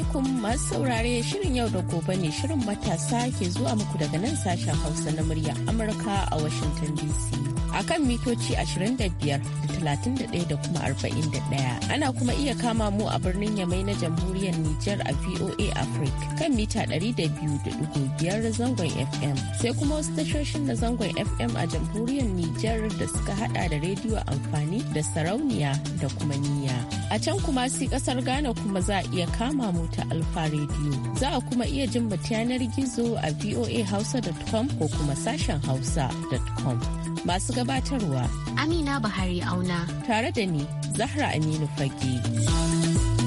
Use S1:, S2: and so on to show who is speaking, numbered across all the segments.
S1: alaikum masu saurare shirin yau da gobe ne shirin matasa ke zuwa muku daga nan sashen Hausa na murya Amurka a Washington DC. Akan mitoci 25 da 31 da kuma 41. Ana kuma iya kama mu a birnin Yamai na jamhuriyar Nijar a VOA Africa kan mita 200.5 zangon FM. Sai kuma wasu tashoshin na zangon FM a jamhuriyar Nijar da suka hada da rediyo amfani da sarauniya da kuma niyya. A can kuma si kasar Ghana kuma za a iya kama mu Alfa Radio. Za a kuma iya jin mu yanar gizo a voahausa.com ko kuma sashen hausa.com. Masu gabatarwa Amina Buhari Auna. Tare da ni Zahra Aminu Fage.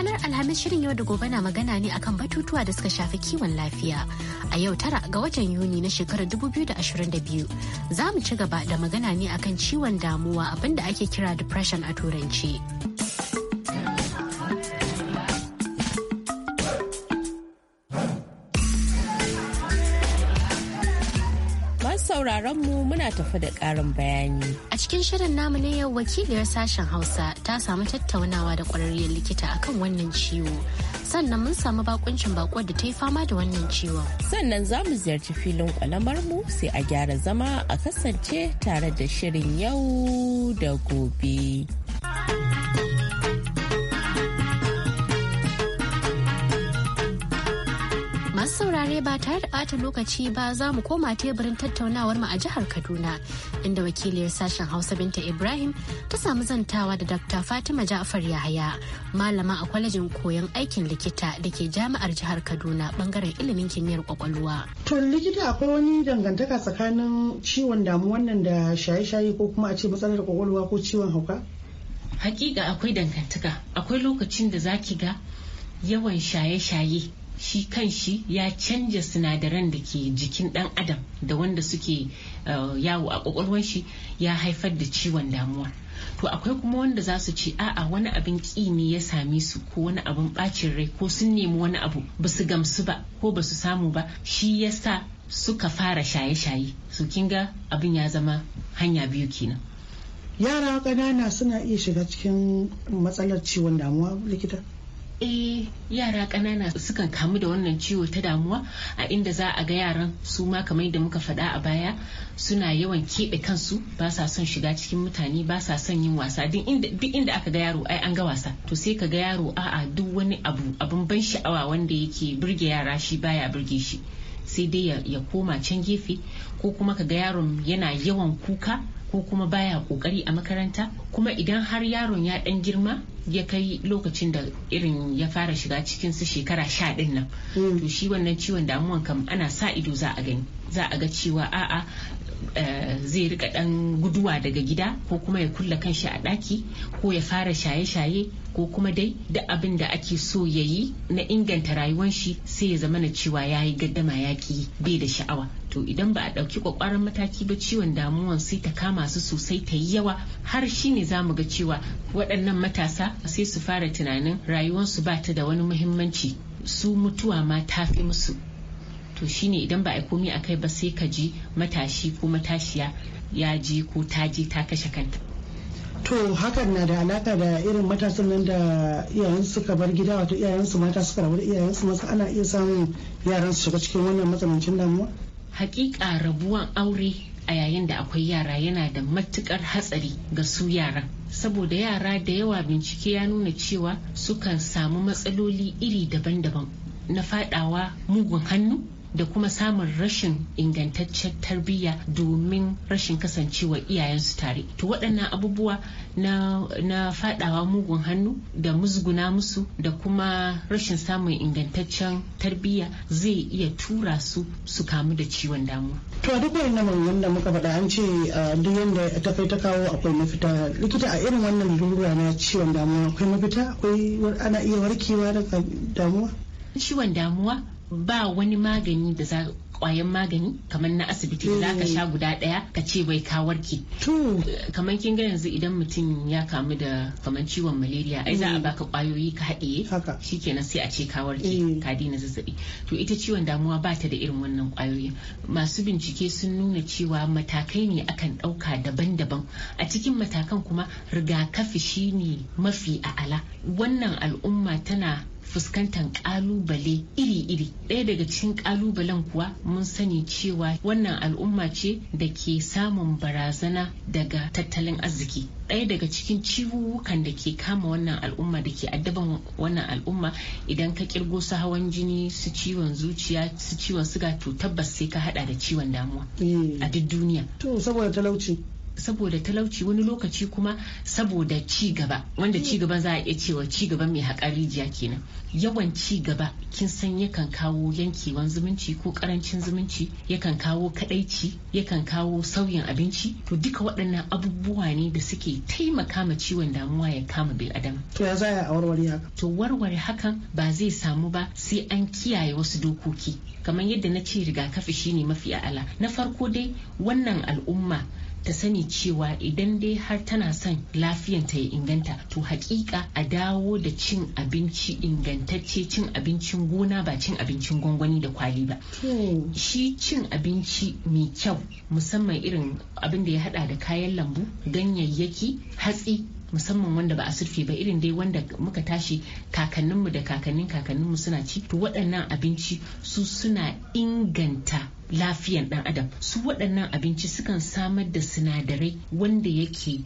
S2: ranar Alhamis shirin yau da gobe na magana ne akan batutuwa da suka shafi kiwon lafiya. A yau tara ga watan Yuni na shekarar 2022 za mu ci gaba da magana ne akan ciwon damuwa abinda ake kira depression a turanci. sauraron mu muna tafi da karin bayani. A cikin shirin namu ne yau wakiliyar sashen Hausa ta samu tattaunawa da kwararriyar likita akan wannan ciwo. Sannan mun samu bakuncin bakuwar da ta yi fama da wannan ciwon. Sannan za mu ziyarci filin kwalamar
S1: mu sai a gyara zama a kasance tare da shirin yau da gobe.
S2: Masu saurare ba tare da ɓata lokaci ba za mu koma teburin tattaunawar mu a jihar Kaduna inda wakiliyar sashen Hausa Binta Ibrahim ta samu zantawa da Dr. Fatima Ja'far Yahaya malama a kwalejin koyon aikin likita da ke jami'ar jihar Kaduna bangaren ilimin kimiyyar kwakwalwa.
S3: To likita akwai wani dangantaka tsakanin ciwon damuwa nan da shaye-shaye ko kuma a ce matsalar kwakwalwa ko ciwon hauka?
S4: Hakika akwai dangantaka akwai lokacin da zaki ga yawan shaye-shaye shi kan shi ya canja sinadaran da ke jikin dan adam da wanda suke uh, yawo a kwakwalwar shi ya haifar da ciwon damuwa to akwai kuma wanda za su ce a'a wani abin ƙi ne ya sami su ko wani abin bacin rai ko sun nemi wani abu ba su gamsu ba ko ba su samu ba shi ya sa suka fara shaye-shaye su kinga abin ya zama hanya biyu kenan
S3: yara ƙanana suna iya shiga cikin matsalar ciwon damuwa likita eh
S4: yara ƙanana sukan kamu da wannan ciwo ta damuwa a inda za a ga yaran su ma kamar yadda muka faɗa a baya suna yawan keɓe kansu ba sa son shiga cikin mutane ba sa son yin wasa duk inda aka ga yaro ai an ga wasa to sai ka ga yaro a'a duk wani abu abin ban sha'awa wanda yake burge yara shi baya burge shi sai dai ya koma can gefe ko kuma ka ga yaron yana yawan kuka ko kuma baya kokari a makaranta kuma idan har yaron ya dan girma ya kai lokacin da irin ya fara shiga cikin su shekara sha nan mm. to shi wannan ciwon damuwan kam ana sa ido za a gani za a ga cewa a'a eh, zai rika dan guduwa daga gida ko kuma ya kulla kanshi a daki ko ya fara shaye-shaye ko kuma dai da abin da ake so ya yi na inganta rayuwar shi sai ya zama na cewa ya yi gaddama yaƙi bai da sha'awa to idan ba a ɗauki kwakwaran mataki ba ciwon damuwan sai ta kama su sosai ta yi yawa har shi ne za mu ga cewa waɗannan matasa sai su fara tunanin rayuwarsu ba ta da wani muhimmanci su mutuwa ma ta fi musu to shine idan ba a komi a kai ba sai ka ji matashi ko matashiya ya ji ko ta je ta kashe kanta
S3: to hakan na da alaka da irin matasan nan da iyayen suka bar gida wato iyayen su mata suka rabu da iyayen su masu ana iya samun yaran su shiga cikin wannan matsanancin damuwa
S4: hakika rabuwan aure a yayin da akwai yara yana da matukar hatsari ga su yaran saboda yara da yawa bincike ya nuna cewa sukan samu matsaloli iri daban-daban na fadawa mugun hannu da kuma samun rashin ingantaccen tarbiyya domin rashin kasancewa iyayensu tare to waɗannan abubuwa na, na fadawa mugun hannu da musguna musu da kuma rashin samun ingantaccen tarbiyya zai iya tura su su kamu da ciwon damuwa
S3: to a duk wani maganganun wanda muka faɗa an ce duk yadda ta kai ta kawo akwai mafita likita a irin wannan lura na ciwon damuwa akwai mafita akwai ana iya warkewa daga damuwa
S4: ciwon damuwa ba wani magani da za kwayan magani kamar na asibiti da za ka mm. sha guda daya ka ce bai kawar ki. kamar kin ga yanzu idan mutum ya kamu da kamar ciwon malaria ai za a mm. baka kwayoyi ka haɗiye shikenan sai a ce kawar ki. Mm. ka daina zazzabi to ita ciwon damuwa ba ta da irin wannan kwayoyi. masu bincike sun nuna cewa matakai ne akan ɗauka daban-daban a cikin matakan kuma rigakafi shine mafi a'ala wannan al'umma tana fuskantar kalubale iri-iri ɗaya daga cikin kalubalen kuwa mun sani cewa wannan al'umma ce da ke samun barazana daga tattalin arziki ɗaya daga cikin ciwuwukan da ke kama wannan al'umma da ke addaban wannan al'umma idan ka kirgo su hawan jini su ciwon zuciya su ciwon suga to tabbas sai ka hada da ciwon damuwa eh. a duk duniya to saboda talauci saboda talauci wani lokaci kuma saboda ci gaba wanda hmm. ci gaba za a iya cewa ci gaba mai haƙari jiya kenan yawan ci gaba kin san yakan kawo yankewan zumunci ko karancin zumunci yakan kawo kadaici yakan kawo sauyin abinci to duka waɗannan abubuwa ne da suke taimaka ma ciwon damuwa ya kama bil adam to ya zaya a warware haka to warware hakan ba zai samu ba sai an kiyaye wasu dokoki kamar yadda na ce rigakafi shine mafi a'ala na farko dai wannan al'umma ta sani cewa idan dai har tana son lafiyanta ya inganta to hakika a dawo da cin abinci ingantacce cin abincin gona ba cin abincin gwangwani da kwali ba shi cin abinci mai kyau musamman irin abin da ya hada da kayan lambu ganyayyaki hatsi musamman wanda ba a surfe ba irin dai wanda muka tashi kakanninmu da kakannin kakanninmu suna ci to waɗannan abinci su suna inganta lafiyan ɗan adam su waɗannan abinci sukan samar da sinadarai wanda yake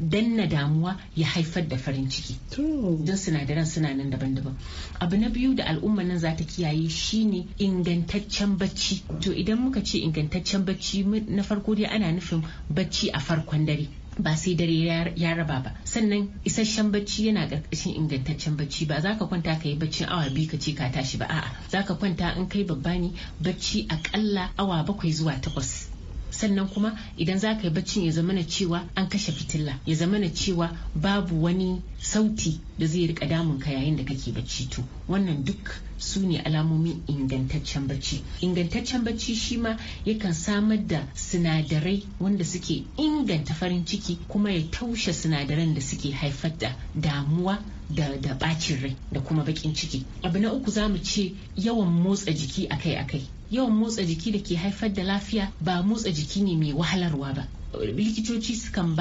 S4: danna damuwa ya haifar da farin ciki don sinadaran suna nan daban-daban abu na biyu da al'umma nan za ta kiyaye shine ingantaccen bacci to idan muka ce ingantaccen bacci na farko dai ana nufin bacci a farkon dare ba sai dare ya raba ba sannan isasshen bacci yana karkashin ingantaccen bacci ba za ka kwanta ka yi baccin awa biyu ka ce ka tashi ba a'a za ka kwanta in kai babba ne bacci akalla awa bakwai zuwa takwas sannan kuma idan za ka yi baccin ya zamana cewa an kashe fitila ya zamana cewa babu wani sauti da zai rika damun ka yayin da kake bacci to wannan duk su ne alamomin ingantaccen bacci ingantaccen bacci shi ma yakan samar da sinadarai wanda suke inganta farin ciki kuma ya taushe sinadaran da suke haifar da damuwa da da bacin rai da kuma bakin ciki abu na uku za mu ce yawan motsa jiki akai-akai yawan motsa jiki da ke haifar da lafiya ba motsa jiki ne mai wahalarwa ba likitoci sukan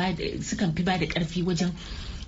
S4: fi ba da karfi wajen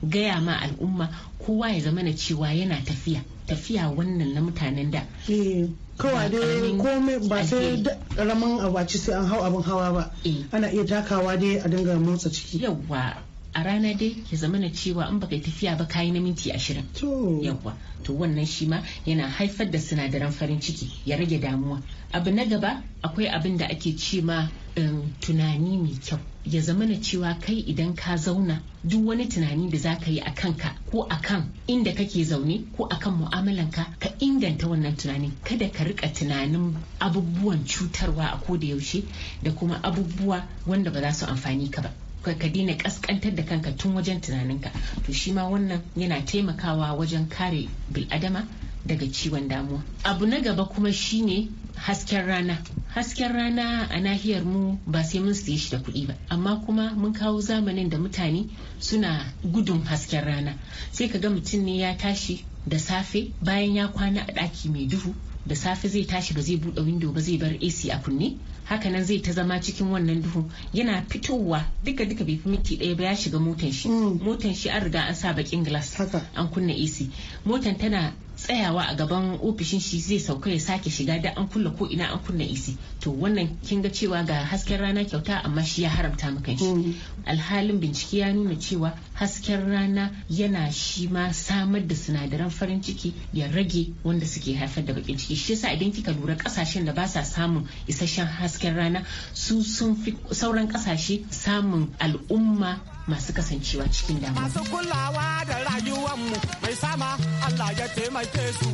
S4: gaya ma al'umma kowa ya zama na cewa yana tafiya tafiya wannan
S3: na mutanen da eh, kawai dai kome ba sai karamin abaci sai an hau abin hawa ba eh. ana iya takawa dai a dinga motsa ciki yawwa a rana dai
S4: ya zama na cewa in baka tafiya ba kayi na minti ashirin Yauwa, to wannan shi ma yana haifar da sinadaran farin ciki ya rage damuwa abu na gaba akwai abin da ake ce ma um, tunani mai kyau ya zama na cewa kai idan ka zauna duk wani tunani da za ka yi a kanka ko a kan inda kake zaune ko a kan mu'amalanka ka inganta wannan tunanin kada ka rika tunanin abubuwan cutarwa a koda yaushe da kuma abubuwa wanda ba za su amfani ka ba ka daina kaskantar da kanka tun wajen tunaninka to shi ma wannan yana taimakawa wajen kare biladama daga ciwon damuwa abu na gaba kuma shine hasken rana hasken rana a nahiyar mu ba sai mun siye shi da kuɗi ba amma kuma mun kawo zamanin da mutane suna gudun hasken rana sai ka ga mutum ne ya tashi da safe bayan ya kwana a ɗaki mai duhu da safe zai tashi ba zai bude window ba zai bar ac a kunne hakanan zai ta zama cikin wannan duhu yana fitowa duka duka bai fi minti ɗaya ba ya shiga motan shi hmm. motan shi an riga an sa bakin glass an kunna ac motan tana tsayawa a gaban ofishin shi zai sauka ya sake shiga da an kulle ko ina an kunna isi to wannan kin ga cewa ga hasken rana kyauta amma shi ya haramta maka shi mm. alhalin bincike ya nuna cewa hasken rana yana shi ma samar da sinadaran farin ciki ya rage wanda suke haifar da bakin ciki shi yasa idan kika lura kasashen da ba sa samun isasshen hasken rana su sun fi sauran kasashe samun al'umma masu kasancewa cikin
S5: damuwa. Masu kulawa da rayuwanmu mai sama Allah ya taimake su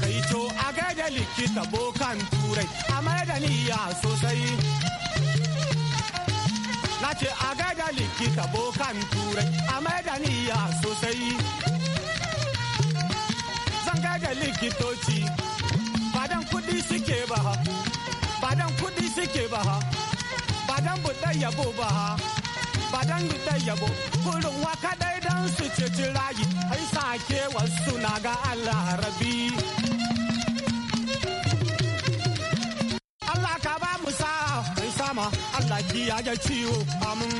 S5: Kai to a gaida likita bokan turai a da ya sosai. Na ce a gaida likita bokan turai a da ya sosai. Zan gaida likitoci badan kudi suke ba ha, badan kudi suke ba ha. dan buɗe yabo ba ha ba dan buɗe yabo kurin wa dai dan su ce rayi ai sake wasu na ga Allah rabi Allah ka ba mu sa ai sama Allah ga ciwo amin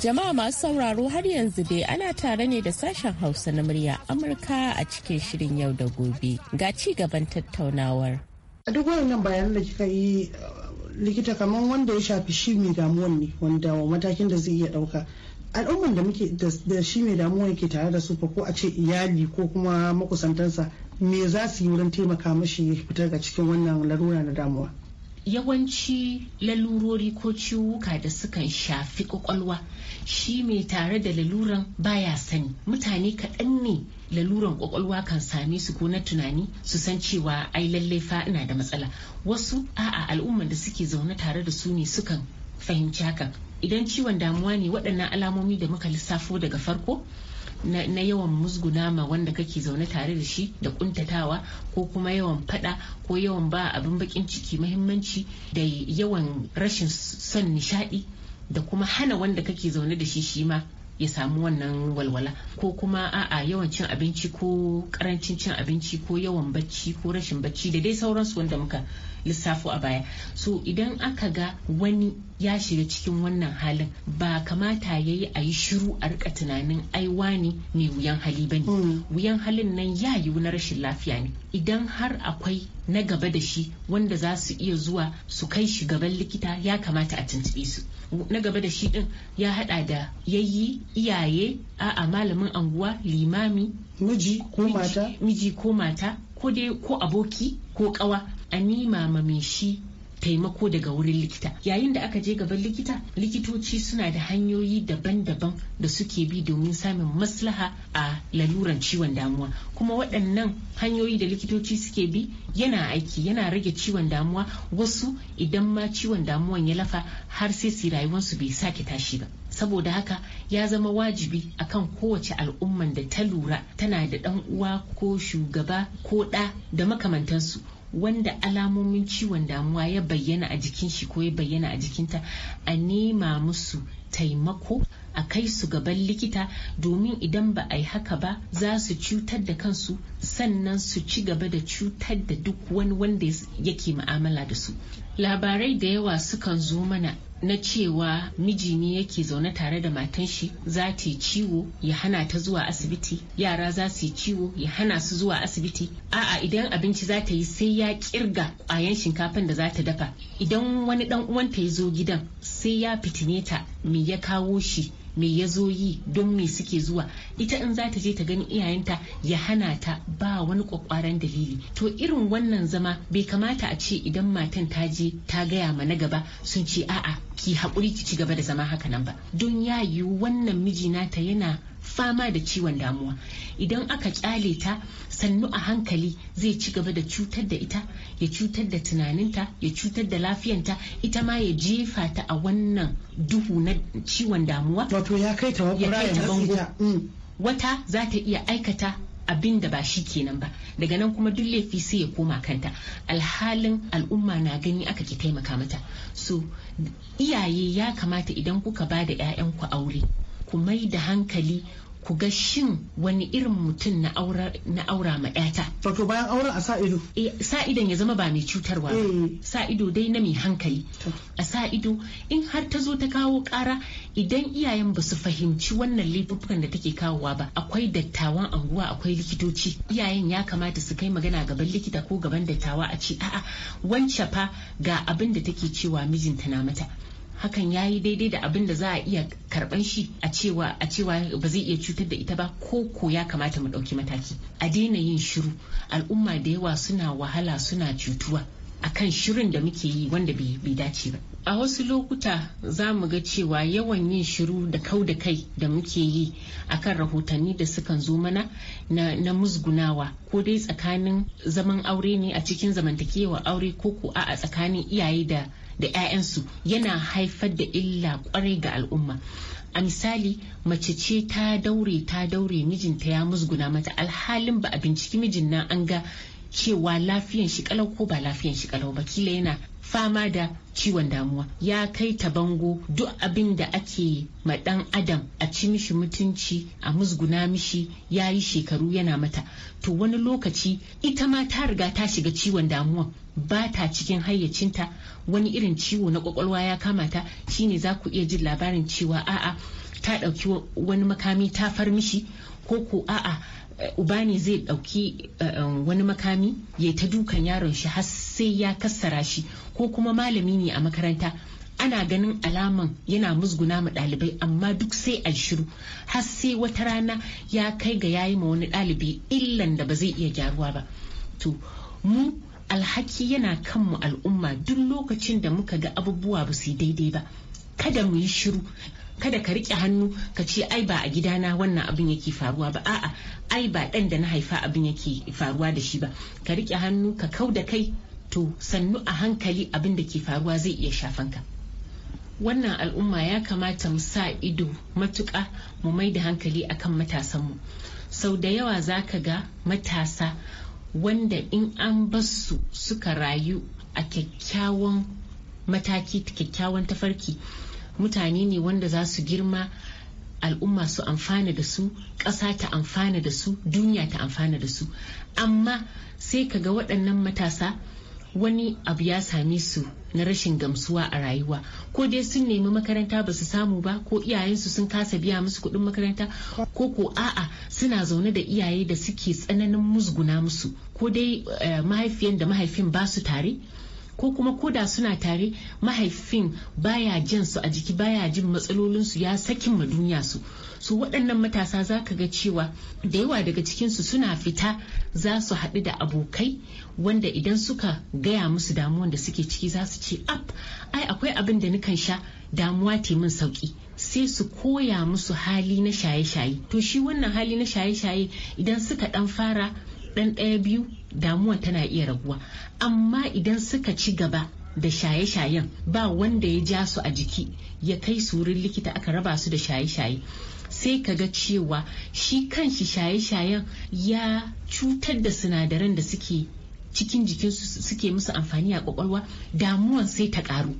S1: Jama'a masu sauraro har yanzu dai ana tare ne da sashen Hausa na murya Amurka a cikin shirin yau da gobe. Ga ci gaban
S3: tattaunawar. A duk wannan bayanan da kika yi likita kamar wanda ya shafi shi mai damuwan ne wanda matakin da zai iya dauka al'umman da muke da shi mai damuwa yake tare da su fa ko a ce iyali ko kuma makusantansa me za su yi wurin taimaka mashi ya fita ga cikin wannan larura na damuwa
S4: yawanci lalurori ko ciwuka da suka shafi kwakwalwa shi mai tare da laluran baya sani mutane kaɗan ne laluran kwakwalwa kan same su ko na tunani su san cewa ai lallai fa ina da matsala wasu a'a al'umman da suke zaune tare da su ne sukan fahimci haka idan ciwon damuwa ne waɗannan alamomi da muka lissafo daga farko na, na yawan musguna ma wanda kake zaune tare da shi da kuntatawa ko kuma yawan fada ko yawan ba abin bakin ciki mahimmanci da yawan rashin son nishadi da kuma hana wanda kake zaune da shi shi ma ya samu wannan walwala ko kuma a'a yawan cin abinci ko karancin cin abinci ko yawan bacci ko rashin bacci da dai sauransu wanda muka lissafo a baya so idan aka ga wani ya shiga cikin wannan halin ba kamata ya yi a yi shiru a rika tunanin aiwa ne ne wuyan hali ba ne hmm. wuyan halin nan ya yiwu na rashin lafiya ne idan har akwai na gaba da shi wanda za su iya zuwa su kai shi gaban likita ya kamata a tuntube su na gaba da shi din ya hada da yayi iyaye a'a malamin anguwa limami miji ko mata miji ko mata ko dai ko aboki ko kawa a nima ma mai shi taimako daga wurin likita yayin da aka je gaban likita likitoci suna da hanyoyi daban-daban da suke bi domin samun maslaha a laluran ciwon damuwa kuma waɗannan hanyoyi da likitoci suke bi yana aiki yana rage ciwon damuwa wasu idan ma ciwon damuwan ya lafa har sai su rayuwarsu bai sake tashi ba saboda haka ya zama wajibi akan kowace al'umman da ta lura tana da ɗan uwa ko shugaba ko ɗa da makamantansu wanda alamomin ciwon damuwa ya bayyana a jikin shi ko ya bayyana a jikinta a nema musu taimako a kai su gaban likita domin idan ba a yi haka ba za su cutar da kansu sannan su ci gaba da cutar da duk wani wanda yake ma'amala da su labarai da yawa sukan zo mana na cewa miji ne yake zaune tare da matan shi za ta yi ciwo ya hana ta zuwa asibiti yara za su yi ciwo ya hana su zuwa asibiti a'a idan abinci za ta yi sai ya kirga kwayan shinkafan da za ta dafa idan wani dan uwanta ya zo gidan sai ya fitine ta me ya kawo shi me ya zo yi don me suke zuwa ita in za ta je ta gani iyayenta ya hana ta ba wani kwakwaran dalili to irin wannan zama bai kamata a ce idan matan ta je ta gaya ma na gaba sun ce a'a ki haƙuri ki ci gaba da zama haka nan ba don ya yiwu wannan mijinata yana fama da ciwon damuwa idan aka kyale ta sannu a hankali zai ci gaba da cutar da ita ya cutar da tunaninta ya cutar da lafiyanta ita ma ya jefa ta a wannan duhu na ciwon damuwa wato ya kai ta mm. wata za ta iya aikata abin da ba shi kenan ba daga nan kuma duk laifi sai ya koma kanta alhalin al'umma na gani aka ki taimaka mata so iyaye ya kamata idan kuka ba da 'ya'yanku aure ku mai da hankali ku ga shin wani irin mutum na aura ma yata. Wato bayan auren a sa ido? Eh, idon ya zama ba mai cutarwa ba. Eh. Sa ido dai na mai hankali. A sa ido in har ta zo ta kawo kara idan iyayen ba su fahimci wannan laifukan da take kawowa ba akwai dattawan anguwa akwai likitoci iyayen ya kamata su kai magana gaban likita ko gaban dattawa a ce a'a wancan fa ga abin da take cewa mijinta na mata. hakan ya yi daidai da abin da za a iya karban shi a cewa a cewa ba zai iya cutar da ita ba ko ko ya kamata mu ɗauki mataki a daina yin shiru al'umma da yawa suna wahala suna cutuwa akan shirin da muke yi wanda bai dace ba a wasu lokuta za mu ga cewa yawan yin shiru da kau da kai da muke yi akan rahotanni da sukan zo mana na, musgunawa ko dai tsakanin zaman aure ne a cikin zamantakewa aure ko ko a tsakanin iyaye da da 'ya'yansu yana haifar da illa kwarai ga al'umma a misali mace ce ta daure ta daure mijinta ya musguna mata alhalin ba a binciki mijin nan an ga cewa lafiyan shi kalau ko ba lafiyan shi kalau ba kila yana fama da ciwon damuwa ya kai ta bango duk abin da ake ma dan adam a ci mishi mutunci a musguna mishi ya yi shekaru yana mata to wani lokaci ita ma ta riga ta shiga ciwon damuwa ba ta cikin hayyacinta wani irin ciwo na kwakwalwa ya kamata shine za ku iya jin labarin cewa a'a ta ɗauki wani makami ta far mishi ko ko a'a Eh, ubani zai ɗauki eh, eh, wani makami ya ta dukan yaron shi har sai ya kassara shi ko kuma malami ne a makaranta ana ganin alaman yana musguna ma dalibai amma duk sai a shiru har sai wata rana ya kai ga yayi ma wani ɗalibi illan da ba zai iya gyaruwa ba to mu alhaki yana kanmu al'umma duk lokacin da muka ga abubuwa ba su yi daidai ba kada mu yi shiru kada ka rike hannu ka ce ai ba a gidana wannan abin yake faruwa ba a'a ai ba dan da na haifa abin yake faruwa da shi ba ka rike hannu ka kau da kai to sannu a hankali abin da ke faruwa zai iya shafan ka wannan al'umma ya kamata mu sa ido matuƙa mu mai da hankali akan matasanmu sau da yawa za ka ga matasa wanda in an basu suka rayu a kyakkyawan mataki kyakkyawan tafarki mutane ne wanda za su girma al'umma su amfana da su ƙasa ta amfana da su duniya ta amfana da su amma sai ka ga waɗannan matasa wani abu ya same su na rashin gamsuwa a rayuwa ko dai sun nemi makaranta ba su samu ba ko iyayensu sun kasa biya musu kuɗin makaranta ko ko a'a suna zaune da iyaye da suke tsananin musguna musu ko dai eh, mahaifiyan da mahaifin ba su tare ko kuma koda suna tare mahaifin baya jin su a jiki baya jin matsalolinsu ya sakin ma duniya su su waɗannan matasa za ka ga cewa da yawa daga cikinsu suna fita za su haɗu da abokai wanda idan suka gaya musu damuwan da suke ciki za su ce ap ai akwai abin da nukan sha damuwa te min sauki sai su koya musu hali na shaye-shaye to shi wannan hali na shaye-shaye idan suka ɗan fara ɗan ɗaya biyu damuwan tana iya raguwa amma idan suka ci gaba da shaye-shayen ba wanda ya ja su a jiki ya kai su likita aka raba su da shaye-shaye sai ka ga cewa shi kanshi shaye-shayen ya cutar da sinadaran da suke cikin jikinsu suke musu amfani a kwakwalwa damuwan sai ta karu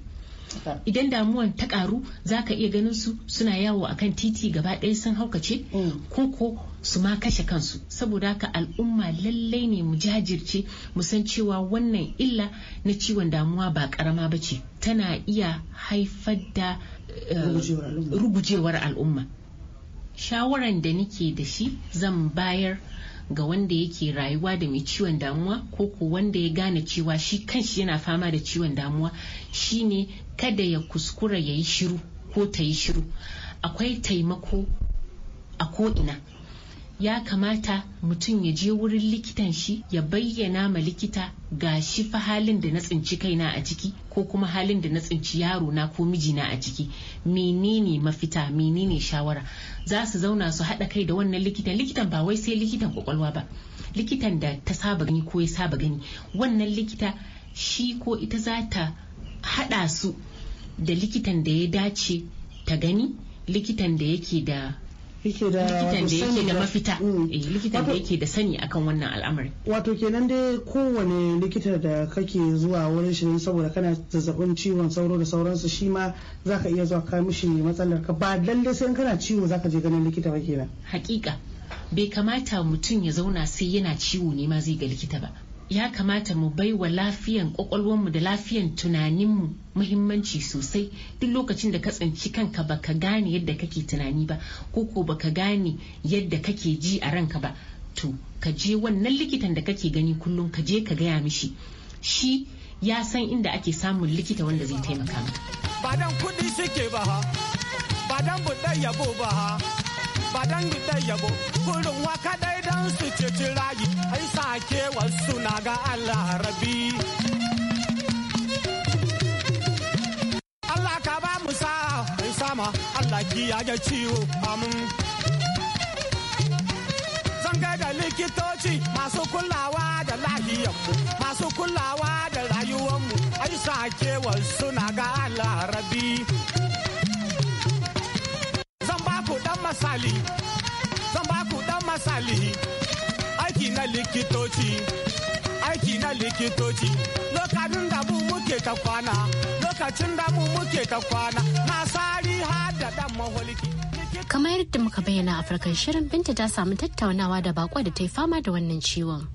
S4: idan damuwan ta karu za ka iya ganin su suna yawo a kan titi gaba ɗaya sun haukace mm. ko ko su ma kashe kansu saboda haka al'umma lallai ne mu jajirce mu san cewa wannan illa na ciwon damuwa ba karama ba ce tana iya haifar da eh, rugujewar al'umma shawaran da nike da shi zan bayar ga wanda yake rayuwa da mai ciwon damuwa ko ko wanda ya gane cewa shi kanshi yana fama da ciwon damuwa shine kada ya kuskura ya yi shiru ko ta yi shiru akwai taimako a ko'ina ya kamata mutum ya je wurin likitan shi ya bayyana ma likita ga shi fa halin da na tsinci kaina a ciki ko kuma halin da na tsinci yaro na ko miji na a ciki menene mafita menene shawara za su zauna su haɗa kai da wannan likitan likitan ba wai sai likitan kwakwalwa ba likitan da ta saba gani ko ya saba gani wannan likita shi ko ita za ta haɗa su da likitan da ya dace ta gani likitan da yake da likitan da yake da mafita mm. eh, likitan da yake da sani akan wannan al'amari
S3: wato kenan dai kowane likita da kake zuwa wurin shi saboda kana zazzabin ciwon sauro da sauransu shi ma zaka iya zuwa ka mishi matsalar ka ba lalle sai kana ciwo zaka je ganin likita ba kenan
S4: hakika bai kamata mutum ya zauna sai yana ciwo ne ma zai ga likita ba ya kamata mu bai wa lafiyan kwakwalwarmu da lafiyan tunaninmu muhimmanci sosai duk lokacin da ka tsinci kanka baka gane yadda kake tunani ba ko ko baka gane yadda kake ji a ranka ba to ka je wannan likitan da kake gani kullum ka je ka gaya mishi shi ya san inda ake samun likita wanda zai taimaka
S5: ba dan kuɗi suke ba ha ba dan yabo ba ba dangi da yabo kurin waka dai dan su ceci rayi ai sake wasu na ga Allah rabi Allah ka ba mu sa'a mai sama Allah ki ya ciwo amin zan ga da likitoci masu kulawa da lahiyarmu masu kulawa da rayuwar mu, ai sake wasu na ga Allah rabi masali zan ku dan masali aiki na likitoci aiki na likitoci lokacin da mu muke ta kwana lokacin da mu muke ta kwana na sari hada dan maholiki
S2: kamar yadda muka bayyana a farkon shirin binta ta samu tattaunawa da bako da ta yi fama da wannan ciwon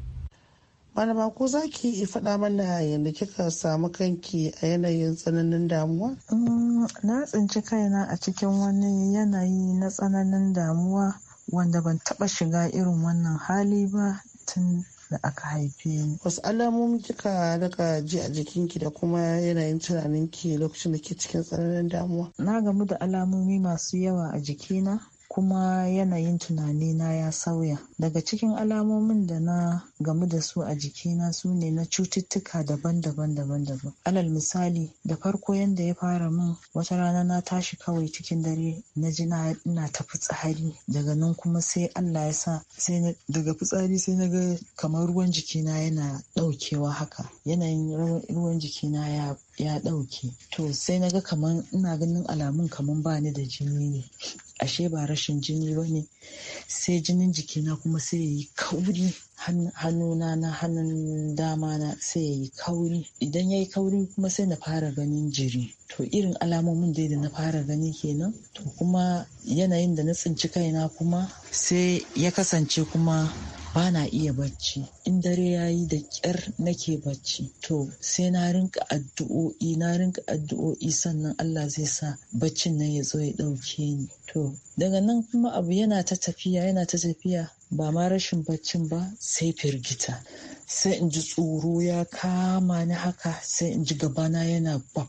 S3: malama ko za ki faɗa mana yadda kika samu kanki a yanayin tsananin damuwa mm, na tsinci
S6: kaina a cikin wani yanayi na tsananin
S3: damuwa wanda ban taɓa shiga irin wannan hali ba tun da aka haife ni wasu alamomi kika daga ji a jikinki da kuma yanayin tunaninki lokacin da ke cikin tsananin damuwa
S6: na gamu da alamomi masu yawa a jikina kuma yanayin tunanina ya sauya daga cikin alamomin da na gamu da su a jikina su ne na cututtuka daban-daban daban-daban alal misali da farko yadda ya fara min wata rana na tashi kawai cikin dare na ji ina ta fitsari daga nan kuma sai allah ya sa sai daga fitsari sai na ga kamar ruwan jikina yana ɗaukewa haka yanayin ruwan jikina ya ya ɗauke to sai na ga kaman ina ganin alamun kamar ba ni da jini ne ashe ba rashin jini ba ne sai jinin jikina kuma sai ya yi kauri hannuna na hannun dama na sai ya yi kauri idan ya yi kauri kuma sai na fara ganin jiri to irin alamomin dai da na fara gani kenan to kuma yanayin da na tsinci kaina kuma sai ya kasance kuma ba na iya bacci in dare ya yi da ƙyar nake bacci to sai na rinka addu'o'i na rinka addu'o'i sannan Allah zai sa baccin nan ya zo ya ɗauke ni to daga nan kuma abu yana ta tafiya yana ta tafiya ba ma rashin baccin ba sai firgita sai in ji tsoro ya kama ni haka sai in ji gabana yana bab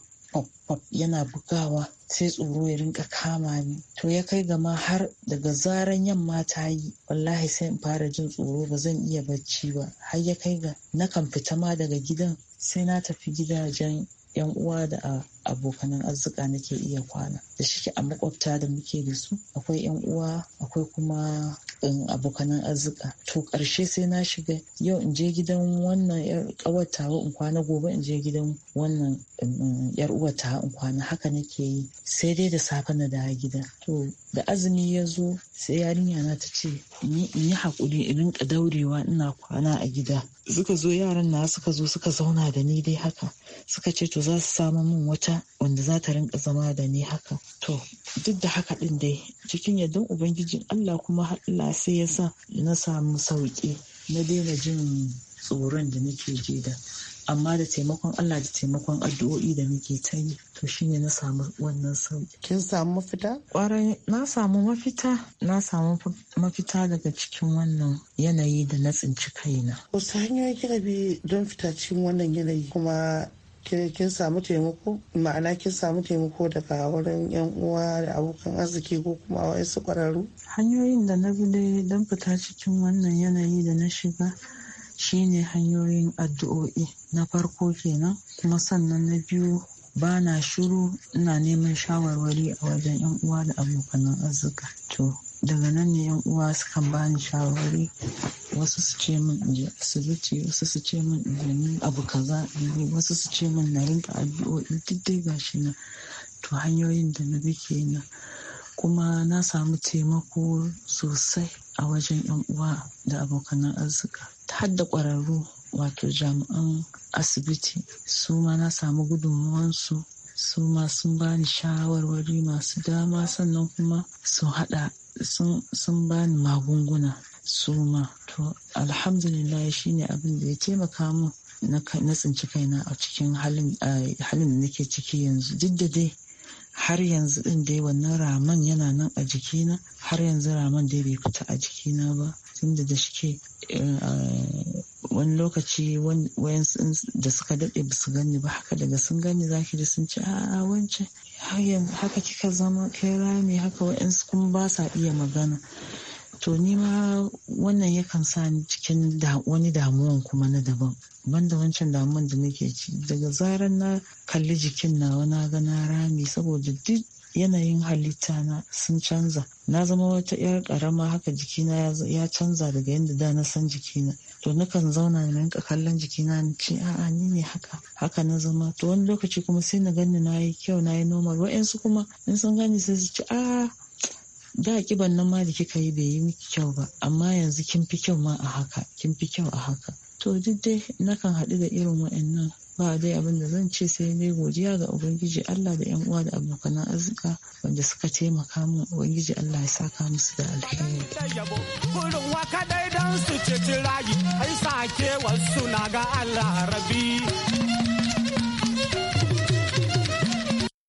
S6: pop yana bugawa sai tsoro ya rinka kama ni to ya kai gama har daga zaran yamma ta yi wallahi sai in fara jin tsoro ba zan iya bacci ba har ya kai ga na kan fita ma daga gidan sai na tafi gidajen yan uwa da a abokanan arzika nake iya kwana da shike a makwabta da muke da su akwai yan uwa akwai kuma um, abokanan arzika to karshe sai na shiga yau in je gidan wannan yar kawatawa in kwana gobe in je gidan wannan yar um, uwata in kwana haka nake yi sai dai da safe na dawo gida to da azumi ya zo sai yarinya na ta ce in yi hakuri in rinka daurewa ina kwana a gida suka zo yaran na suka zo suka zauna da ni dai haka suka ce to za su samu min wata ita wanda za ta rinka zama da ni haka to duk da haka din dai cikin yardan ubangijin allah kuma allah sai ya sa na samu sauki na daina jin tsoron da nake je da amma da taimakon Allah da taimakon addu'o'i da muke ta yi to shine na samu wannan sauki kin samu mafita kwarai na samu mafita na samu mafita daga cikin wannan yanayi da na tsinci kaina
S3: wasu hanyoyin kika don fita cikin wannan yanayi kuma kin samu taimako ma'ana kin samu taimako daga wurin yan uwa da abokan arziki ko kuma wasu kwararru hanyoyin da na bi dai don fita
S6: cikin wannan yanayi da na shiga shine hanyoyin addu'o'i na farko kenan kuma sannan na biyu ba na shiru ina neman shawarwari a wajen yan uwa da abokan arzika to daga nan ne yan uwa sukan bani shawarwari wasu su ce min in je asibiti wasu su ce min in ni abu kaza wasu su ce min na rinka addu'o'i duk dai gashi na, to hanyoyin da na bi kenan kuma na samu taimako sosai a wajen yan uwa da abokan arzika har da ƙwararru wato jami'an asibiti su ma na samu gudunmuwansu su ma sun bani shawarwari masu dama sannan kuma su haɗa sun ba ni magunguna su ma to alhamdulillah shi ne abin da ya taimaka mu na tsinci kaina a cikin halin da nake ciki yanzu duk da dai har yanzu din dai wannan raman yana nan a jikina har yanzu raman dai bai fita a jikina ba tunda da shike eh, wani lokaci wayan da suka daɗe ba su gani ba haka daga sun gani zaki da sun ce a wancan har yanzu haka kika zama kai rami haka wa'yansu kuma ba sa iya magana to ni ma wannan yakan sa ni cikin wani damuwan kuma na daban banda wancan damuwan da nake ci daga zarar na kalli jikin nawa na ga na rami saboda duk yanayin halitta na sun canza na zama wata yar karama haka jikina ya canza daga yadda da na san jikina to nakan zauna na rinka kallon jikina na ce a'a ni ne haka haka na zama to wani lokaci kuma sai na gani na yi kyau na yi normal wa'yansu kuma in sun gani sai su ce a'a da kiban nan ma da kika yi bai yi miki kyau ba amma yanzu kin fi kyau ma a haka kin fi kyau a haka to duk dai nakan haɗu da irin wa'annan ba dai abin da zan ce sai dai godiya ga ubangiji Allah da yan uwa da abokan arzika wanda suka taimaka min ubangiji Allah ya saka musu da alheri
S5: gurin waka dai dan su ci rayi ai sake wasu na ga Allah rabi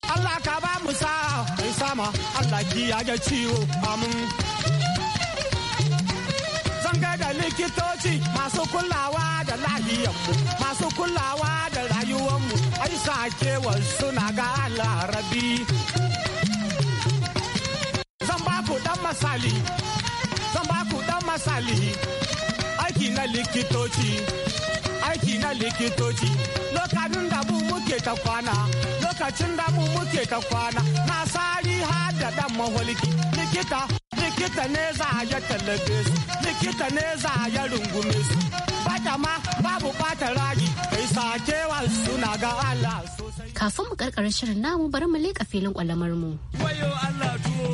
S5: Allah ka ba mu sa sama Allah ki ya ga ciwo amin da likitoci masu kulawa da lahiyanmu masu kulawa da rayuwanmu ai sakewar suna ga larabi zan ba ku dan masali zan ba ku dan masali aiki na likitoci aiki na likitoci lokacin da mu muke ta kwana lokacin da mu muke ta kwana na sari har da dan maholiki likita likita ne za a ya talabe likita ne za a ya rungume su bata ma babu bata ragi kai sakewa suna ga Allah sosai
S2: kafin mu karkar shirin namu bari mu leka filin kwalamar mu
S5: wayo Allah tuwo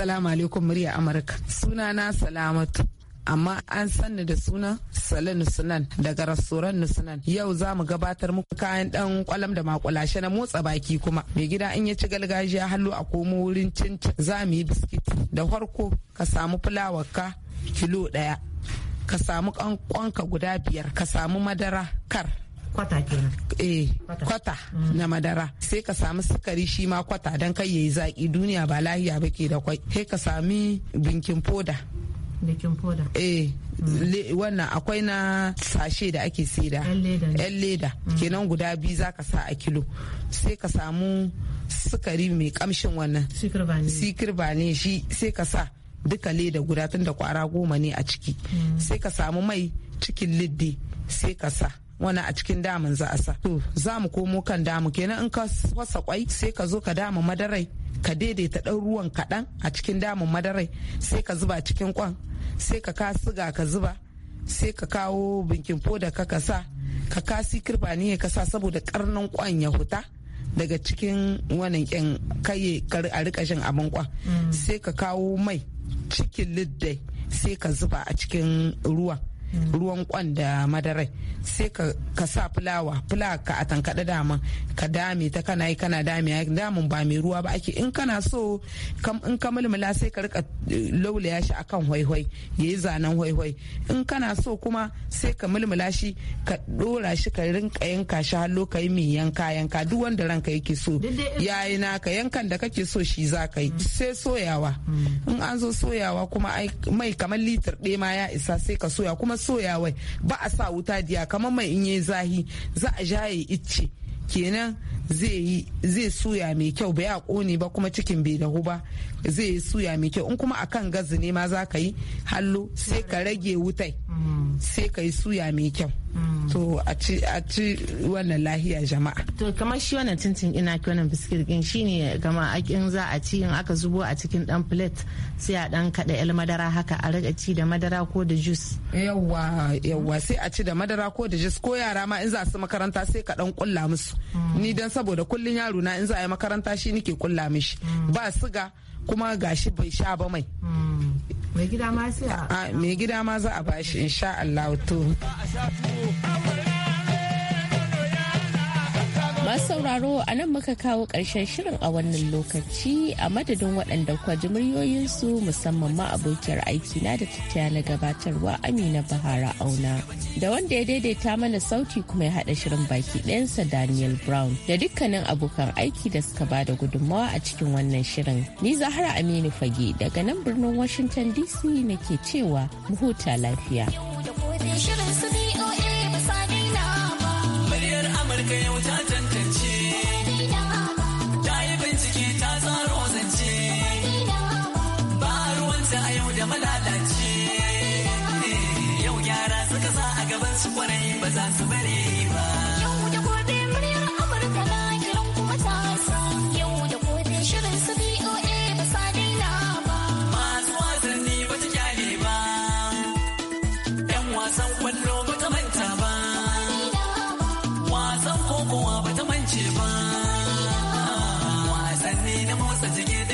S7: Salamu alaikum murya Amurka. Sunana Salamatu, amma an sanni da suna salin nusunan daga rastoran nusunan yau za mu gabatar muku kayan dan kwalam da makulashe na motsa baki kuma mai gida in ya ci galgajiya hannu a komo wurin cincin za mu yi biskit da farko ka samu fulawar kilo daya ka samu kankonka guda biyar ka samu madara kar kwata kenan eh kwata mm. na madara sai ka sami sukari shi ma kwata don kai yayi zaki duniya ba lahiya ba ke da kwai sai ka sami binkin foda binkin foda eh, wannan akwai na sashe da ake saida yan leda mm. kenan guda biyu za ka sa a kilo sai ka samu sukari mai kamshin wannan sikir ba ne shi sai ka sa duka leda guda tun da kwara goma ne a ciki mm. sai ka samu mai cikin liddi sai ka sa wani a cikin damin za a sa to za mu komo kan damu kenan in ka wasa kwai sai ka zo ka dama madarai ka daidaita ɗan ruwan kaɗan a cikin damin madarai sai ka zuba cikin kwan sai ka ka siga ka zuba sai ka kawo binkin foda ka kasa ka ka kirba ne ka sa saboda karnin kwan ya huta daga cikin wannan kyan kaye a rika shan abin kwa mm. sai ka kawo mai cikin liddai sai ka zuba a cikin ruwa ruwan kwan da madarai sai ka sa fulawa fulawa ka a tankaɗe dama ka dame ta kana yi kana dame damun ba mai ruwa ba ake in kana so in ka mulmula sai ka rika eh, laulaya shi akan hwaihwai ya yi zanen hwaihwai in kana so kuma sai ka mulmula shi ka ɗora shi ka rinka yanka shi har ka yi mai yanka yanka duk wanda ranka yake so yayi naka yankan da kake so shi za ka yi mm. sai soyawa mm. in an zo soyawa kuma mai kamar litir ɗaya ma ya isa sai ka soya kuma soya wai ba a sa wuta diya kamar mai in yi zahi za a jaye icce kenan zai zai suya mai kyau ba ya kone ba kuma cikin bai dahu ba zai yi suya mai kyau in kuma akan gazi ne ma za ka yi hallo sai ka rage wutai mm. sai ka yi suya mai kyau To mm. a ci a ci wannan lahiya jama'a to kamar shi wannan tintin ina ki wannan biskit din shine kamar kin za a ci in aka zubo a cikin dan plate sai a dan kada el madara haka a riga ci da madara ko da juice yawwa yawwa sai a ci da madara ko da juice ko yara ma in za su makaranta sai ka dan kulla musu mm. ni dan saboda kullun yaro na in za a yi makaranta shi nake kulla mishi mm. ba siga kuma gashi bai sha ba mai mai gida ma sai a mai gida ma za a bashi insha Allah to
S1: Masu sauraro a nan muka kawo ƙarshen shirin a wannan lokaci a madadin waɗanda kwaji muryoyinsu musamman ma abokiyar aiki na da tattaya na gabatarwa Amina Bahara Auna. Da wanda ya daidaita mana sauti kuma ya haɗa shirin baki ɗayansa Daniel Brown da dukkanin abokan aiki da suka ba da gudunmawa a cikin wannan shirin. Ni Zahara Aminu Fage daga nan birnin Washington DC nake cewa mu huta
S5: lafiya.